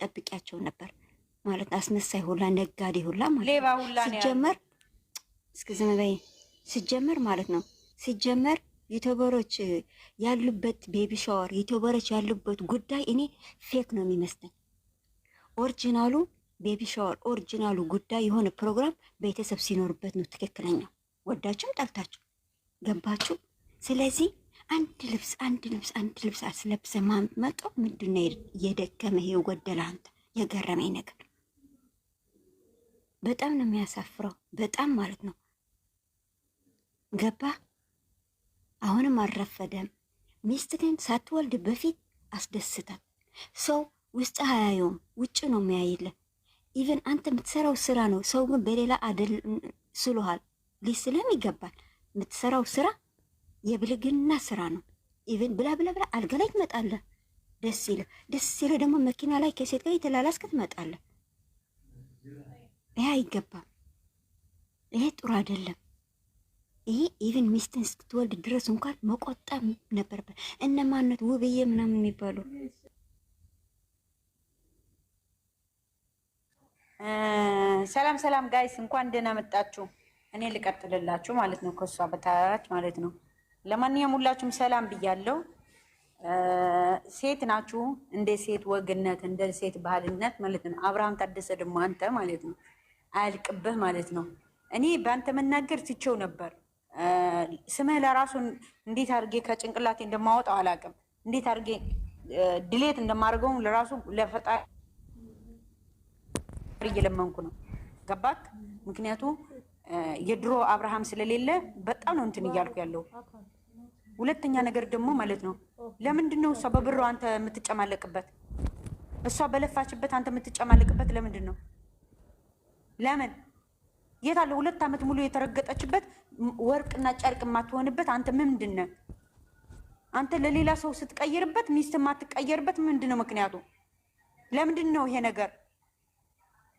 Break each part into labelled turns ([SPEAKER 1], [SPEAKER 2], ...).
[SPEAKER 1] ጠብቂያቸው ነበር ማለት አስመሳይ ሁላ ነጋዴ ሁላ ሲጀመር እስከ ዘመበይ ሲጀመር ማለት ነው ሲጀመር ዩቱበሮች ያሉበት ቤቢ ሻወር ዩቱበሮች ያሉበት ጉዳይ እኔ ፌክ ነው የሚመስለኝ። ኦሪጂናሉ ቤቢ ሻወር ኦሪጂናሉ ጉዳይ የሆነ ፕሮግራም ቤተሰብ ሲኖርበት ነው ትክክለኛው። ወዳችሁም ጠልታችሁ ገባችሁ። ስለዚህ አንድ ልብስ አንድ ልብስ አንድ ልብስ አስለብሰ ማመጦ ምንድን ነው የደከመ የጎደለ አንተ የገረመኝ ነገር በጣም ነው የሚያሳፍረው። በጣም ማለት ነው ገባ። አሁንም አልረፈደም። ግን ሳትወልድ በፊት አስደስታት። ሰው ውስጥ አያየውም፣ ውጭ ነው የሚያይልን። ኢቨን አንተ የምትሰራው ስራ ነው። ሰው ግን በሌላ አደል ስሉሃል ሊስለም ይገባል የምትሰራው ስራ የብልግና ስራ ነው። ኢቨን ብላ ብላ ብላ አልጋ ላይ ትመጣለህ። ደስ ይለ ደስ ይለ ደግሞ መኪና ላይ ከሴት ጋር የተላላስክ ትመጣለህ። ይሄ አይገባም። ይሄ ጥሩ አይደለም። ይሄ ኢቨን ሚስትን እስክትወልድ ድረስ እንኳን መቆጠብ ነበረበት። እነማነት ውብዬ ምናምን የሚባሉ ሰላም ሰላም ጋይስ፣ እንኳን ደህና መጣችሁ። እኔ ልቀጥልላችሁ ማለት ነው ከእሷ በታች ማለት ነው ለማንኛውም ሁላችሁም ሰላም ብያለሁ። ሴት ናችሁ እንደ ሴት ወግነት እንደ ሴት ባህልነት ማለት ነው። አብርሃም ታደሰ ደግሞ አንተ ማለት ነው አያልቅብህ ማለት ነው። እኔ በአንተ መናገር ትቼው ነበር። ስምህ ለራሱ እንዴት አድርጌ ከጭንቅላቴ እንደማወጣው አላውቅም። እንዴት አድርጌ ድሌት እንደማደርገው ለራሱ ለፈጣሪ እየለመንኩ ነው። ገባክ ምክንያቱ የድሮ አብርሃም ስለሌለ በጣም ነው እንትን እያልኩ ያለው። ሁለተኛ ነገር ደግሞ ማለት ነው ለምንድን ነው እሷ በብሯ አንተ የምትጨማለቅበት? እሷ በለፋችበት አንተ የምትጨማለቅበት ለምንድን ነው? ለምን የት አለ? ሁለት ዓመት ሙሉ የተረገጠችበት ወርቅና ጨርቅ የማትሆንበት አንተ ምንድን ነህ? አንተ ለሌላ ሰው ስትቀይርበት ሚስት የማትቀየርበት ምንድን ነው ምክንያቱ? ለምንድን ነው ይሄ ነገር?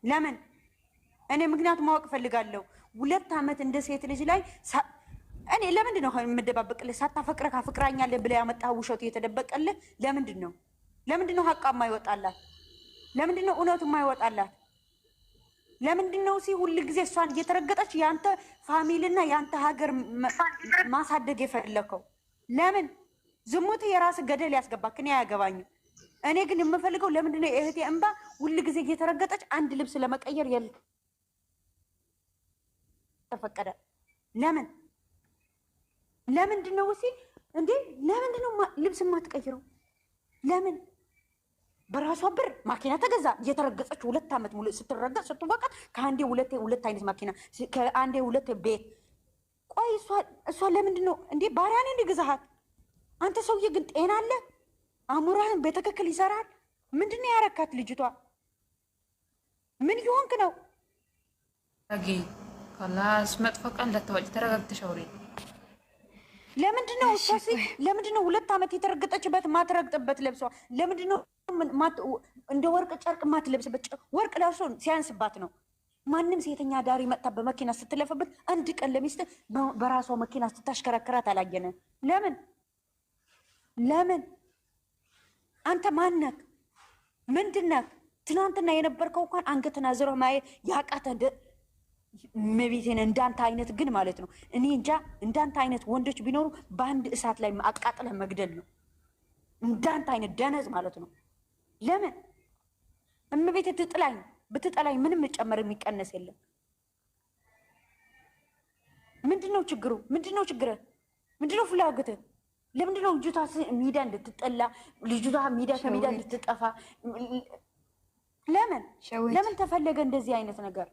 [SPEAKER 1] ለምን እኔ ምክንያቱ ማወቅ እፈልጋለሁ። ሁለት ዓመት እንደ ሴት ልጅ ላይ እኔ ለምንድን ነው የምደባበቅልህ? ሳታፈቅረህ ካፍቅራኛለህ ብለህ ያመጣህ ውሸቱ እየተደበቀልህ ለምንድን ነው? ለምንድን ነው ሀቃ የማይወጣላት? ለምንድን ነው እውነቱ የማይወጣላት? ለምንድን ነው ሲ ሁል ጊዜ እሷን እየተረገጠች የአንተ ፋሚልና የአንተ ሀገር ማሳደግ የፈለከው ለምን? ዝሙት የራስ ገደል ያስገባክ። እኔ አያገባኝም። እኔ ግን የምፈልገው ለምንድነው የእህቴ እንባ ሁል ጊዜ እየተረገጠች አንድ ልብስ ለመቀየር የለ ተፈቀደ? ለምን ለምንድን ነው ውሴ እንዴ? ለምንድን ነው ልብስ የማትቀይረው? ለምን በራሷ ብር ማኪና ተገዛ። እየተረገጸች ሁለት ዓመት ሙሉ ስትረገጽ ስትወቀት፣ ከአንዴ ሁለቴ ሁለት አይነት ማኪና፣ ከአንዴ ሁለት ቤት። ቆይ እሷ ለምንድን ነው እንዴ? ባሪያን እንዲ አንተ ሰውዬ ግን ጤና አለ? አእምሮህን በትክክል ይሰራል? ምንድን ነው ያረካት ልጅቷ? ምን ይሆንክ ነው?
[SPEAKER 2] ከላስ መጥፎ ቀን እንዳታወጪ ተረጋግተሽ አውሪ።
[SPEAKER 1] ለምንድነው ሶሲ ለምንድነው ሁለት ዓመት የተረገጠችበት ማትረግጥበት ለብሷ? ለምንድነው እንደ ወርቅ ጨርቅ ማትለብስበት? ወርቅ ለብሶ ሲያንስባት ነው። ማንም ሴተኛ ዳሪ መጥታ በመኪና ስትለፍበት አንድ ቀን ለሚስት በራሷ መኪና ስታሽከረከራት አላየነ። ለምን ለምን? አንተ ማነክ? ምንድነክ? ትናንትና የነበርከው እንኳን አንገትና አዝረህ ማየት ያቃተ መቤቴን እንዳንተ አይነት ግን ማለት ነው እኔ እንጃ። እንዳንተ አይነት ወንዶች ቢኖሩ በአንድ እሳት ላይ አቃጥለ መግደል ነው። እንዳንተ አይነት ደነዝ ማለት ነው። ለምን እመቤት ትጥላኝ ብትጠላኝ ምንም መጨመር የሚቀነስ የለም። ምንድን ነው ችግሩ? ምንድን ነው ምንድነው ምንድን ነው ፍላጎትህ? ለምንድን ነው ልጅቷ ሚዲያ እንድትጠላ ልጅቷ ሚዲያ ከሚዲያ እንድትጠፋ ለምን ለምን ተፈለገ እንደዚህ አይነት ነገር?